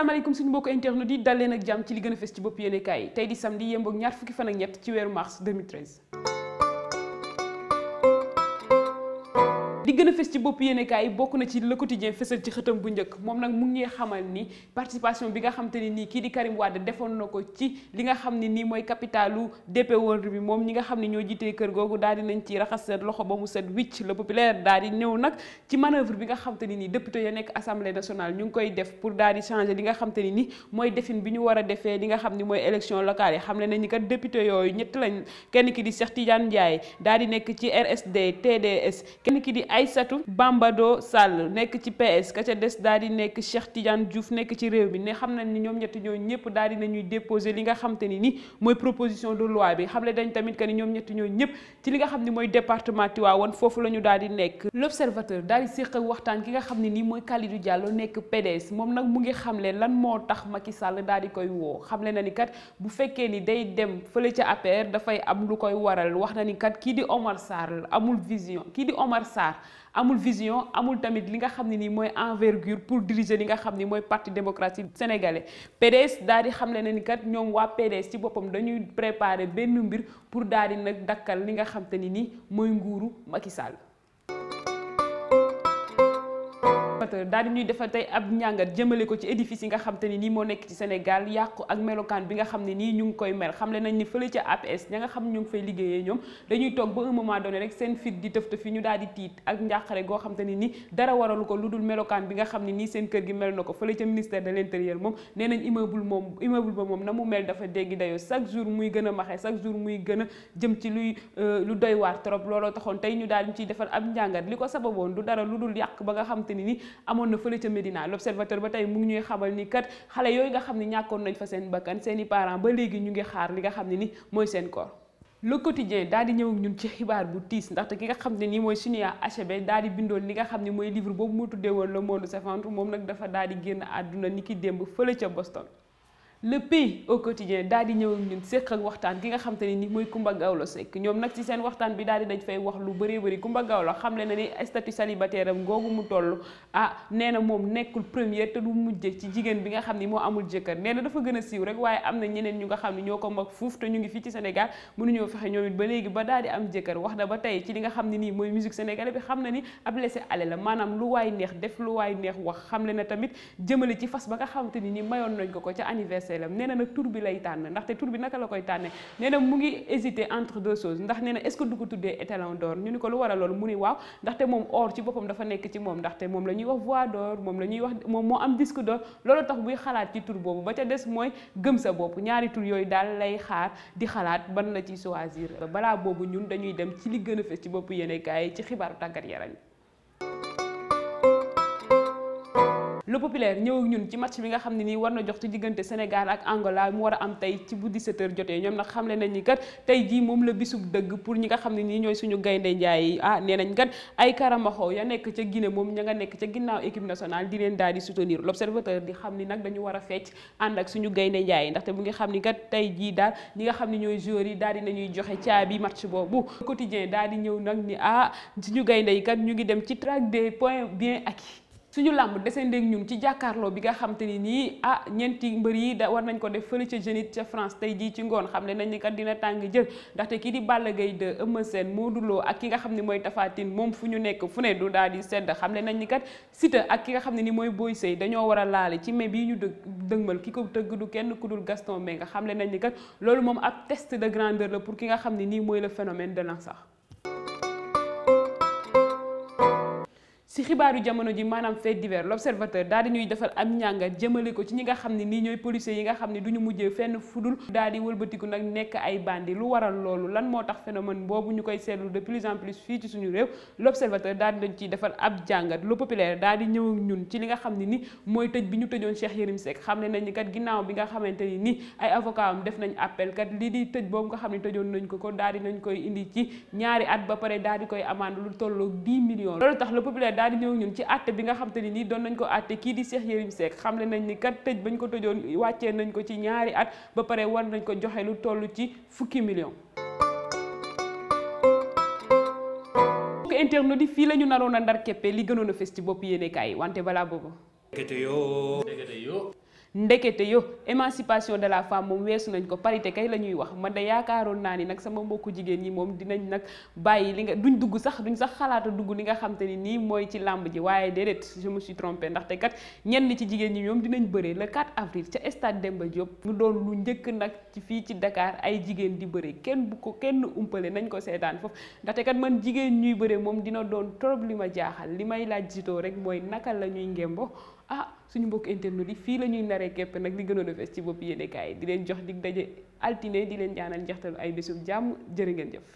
asalaamaaleykum suñu mbokk internet yi dal leen ak jàmm ci li gën a fes ci bopp yéenekaay yi tey di samedi yemboog ñaar fukki fan ak ñett ci weeru mars li gën a fës ci bopp yéenekaay yi bokk na ci le quotidien fësal ci xëtam bu njëkk moom nag mu ngi xamal ni participation bi nga xam te ni nii kii di Karim Wade defoon na ko ci nga xam ne nii mooy capitalu DP World bi moom ñi nga xam ne ñoo jiitee kër googu daal nañ ci raxas loxo ba mu set wicc le populaire daal di ñëw nag ci manœuvre bi nga xam te ni nii député ya nekk assemblée nationale ñu ngi koy def pour daal di changer li nga xam te ni mooy defin bi ñu war a defee li nga xam ni mooy élection locale yi xam ne nañ ni kat député yooyu ñett lañ kenn ki di Cheikh Tidiane Ndiaye daal di nekk ci RSD TDS kenn ki di Aïssatou Bambado Sall nek ci PS ka ca dess daal di nekk Cheikh Tidiane Diouf nek ci réew mi ne xam nañ ni ñom ñet ñoo ñëpp daal di nañuy déposer li nga xam ni moy proposition de loi bi xamle dañ tamit que ni ñoom ñett ñoo ñëpp ci li nga xam ni département Tivaouane foofu la ñu daal di l'observateur daal di séq waxtaan ki nga xam ni moy Kalidou Diallo nek PDS mom nag mu ngi xamle lan mo tax Macky Sall daal di koy na ni kat bu fekke ni day dem feulé ci APR dafay am lu koy waral wax na ni kat ki di Omar Sarr amul vision ki di Omar Sarr amul vision amul tamit li nga xamni ni moy envergure pour diriger li nga parti démocratique sénégalais PDS daal xamlé prepare nous ni kat ñom wa PDS ci préparer benn pour li nga ni observateur daal di ñuy defal tey ab njàngat jëmale ko ci édifice yi nga xam te ni nii moo nekk ci Sénégal yàqu ak melokaan bi nga xam ne nii ñu ngi koy mel xamle nañ ni fële ca APS xam fay liggéeyee ñoom dañuy toog ba un moment donné rek seen fit di tëf tëfi ñu di tiit ak njàqare goo xam te ni dara waralu ko lu dul melokaan bi nga xam ne nii seen kër gi mel na ko fële ca ministère de l'intérieur moom nee nañ immeuble moom moom na mu mel dafa déggi dayoo chaque jour muy gën a maxe chaque jour muy gën a jëm ci luy euh, lu doy waar trop looloo taxoon tey ñu daal di ciy defal ab njàngat li ko sababoon du dara lu dul yàq ba nga xam te ni nii amoon na fële ca Médina l'observateur ba tey mu ngi ñuy xamal ni kat xale yooyu nga xam ne ñàkkoon nañ fa seen bakkan seen i parents ba léegi ñu ngi xaar li nga xam ne ni mooy seen corps le quotidien daal di ñëw ñun ci xibaar bu tiis ndaxte ki nga xam ne nii mooy Chinua Achebe daal di bindoon li nga xam ne mooy livre boobu mu tuddee woon Le Monde s'effondre moom nag dafa daal di génn àdduna ni ki démb fële ca Boston le pays au quotidien daal di ñëw ak ñun séq ak waxtaan ki nga xam ne ni mooy Kumba Gawlo Seck ñoom nag ci seen waxtaan bi daal di dañ fay wax lu bëree bëri Kumba Gawlo xam le na ni statut célibataire am googu mu toll ah nee na moom nekkul première te du mujje ci jigéen bi nga xam ni moo amul jëkkër nee na dafa gën a siiw rek am na ñeneen ñu nga xam ne ñoo ko mag fuuf te ñu ngi fii ci Sénégal mënuñoo fexe ñoom it ba léegi daal di am jëkkër wax na tey ci li nga xam ne nii mooy musique sénégalaise bi xam na ni ab laisser-aller la maanaam lu waay neex def lu waay neex wax xam le na tamit jëmale ci fas ba nga xam ni nii mayoon nañ ko ko ca anniversaire universel am na nag tur bi lay tànn ndaxte tour bi naka la koy tànne nee na mu ngi hésité entre deux choses ndax nee na est-ce que du ko tuddee étalon d'or ñu ni ko lu war loolu mu ni waaw ndaxte moom or ci boppam dafa nekk ci moom ndaxte moom la ñuy wax voix d'or moom la ñuy wax moom moo am disque d'or loolu tax buy xalaat ci tur boobu ba ca des mooy gëm sa bopp ñaari tur yooyu daal lay xaar di xalaat ban la ci choisir balaa boobu ñun dañuy dem ci li gën a fës ci bopp yéenekaay yi ci xibaaru tàggat yaram le populaire ñëw ak ñun ci match bi nga xam ne nii war na jox ci diggante Sénégal ak Angola mu war a am tey ci bu 17h jotee ñoom nag nañ ni kat tey jii moom la bisub dëgg pour ñi nga xam ne nii ñooy suñu gaynde njaay yi ah nee nañ kat ay karamaxo ya nekk ca Guinée moom ña nga nekk ca ginnaaw équipe nationale di leen daal di soutenir l'observateur di xam ni nag dañu war a fecc ànd ak suñu gaynde njaay yi ndaxte bu nga xam ni kat tey jii daal nga xam ne ñooy joueurs yi daal di joxe caabi match boobu quotidien daal di ñëw nag ni ah suñu gaynde yi kat ñu ngi dem ci track des points bien acquis suñu làmb desendeeg ñun ci jàkkaarloo bi nga xam ne ni nii ah ñeenti mbër yi da war nañ ko def fële ca Zénith ca France tey jii ci ngoon xam ne nañ ni kat dina tàng jër ndaxte ki di Balla Gaye 2 Eumeu Sène Modou Lo ak ki nga xam ne mooy tafaatin moom fu ñu nekk fu ne du daal di sedd xam ne nañ ni kat Siteu ak ki nga xam ne nii mooy Boy Sèye dañoo war a laale ci mai bii ñu dëgg dëgmal ki ko tëgg du kenn ku dul Gaston Mbengue nga xam ne nañ ni kat loolu moom ab test de la pour ki nga xam ne nii mooy le phénomène de l'an si xibaaru jamono ji manam fait divers l'observateur daal di ñuy defal am ñanga jëmele ko ci ñi nga xamni ni ñoy policier yi nga xamni duñu mujjé fenn fudul daal di wëlbeutiku nak nekk ay bandi lu waral loolu lan mo tax phénomène bobu sétlu de plus en plus fi ci suñu rew l'observateur daal di lañ defal ab jangat lu populaire daal di ñëw ñun ci li nga xamni ni moy tejj bi ñu tëjoon Cheikh Yérim Seck xamné nañ kat ginnaw bi nga xamanteni ni ay avocat apel def nañ appel kat li di tejj bobu nga xamni ne nañ ko ko daal di nañ koy indi ci ñaari at ba paré daal di koy amande lu tollu 10 millions lolu tax le populaire daal di ñëw ñun ci àtte bi nga xam te ni nii doon nañ ko àtte kii di seex Cheikh Yérim Seck xamle nañ ni kat tëj bañ ko tëjoon wàccee nañ ko ci ñaari at ba pare war nañ ko joxee lu toll ci fukki million internet yi fii la ñu naroon a ndar keppe li gënoon a fes ci bopp yéene kaay wante balaa boobu. ndekete yo émancipation de la femme moom weesu nañ ko parité kay la ñuy wax man de yaakaaroon naa ni nag sama mbokku jigéen ñi moom dinañ nag bàyyi li nga duñ dugg sax duñ sax xalaata dugg li nga xam ni nii mooy ci làmb ji waaye déedéet je me suis kat ñenn ci jigéen ñi ñoom dinañ bëree le 4 avril ca stade Demba Diop mu doon lu njëkk nag ci fii ci Dakar ay jigéen di bëree kenn bu ko kenn umpale nañ ko seetaan foofu ndaxte kat man jigéen ñuy bëree moom dina doon trop li ma jaaxal li may laaj jitoo rek mooy naka la ñuy ngémbo ah suñu mbokk internet yi fii la ñuy naree képp nag li gënoon a fees ci bopp yéenekaay yi di leen jox dig daje altine di leen jaanal njeextalu ay bésu jàmm jërë ngeen jëf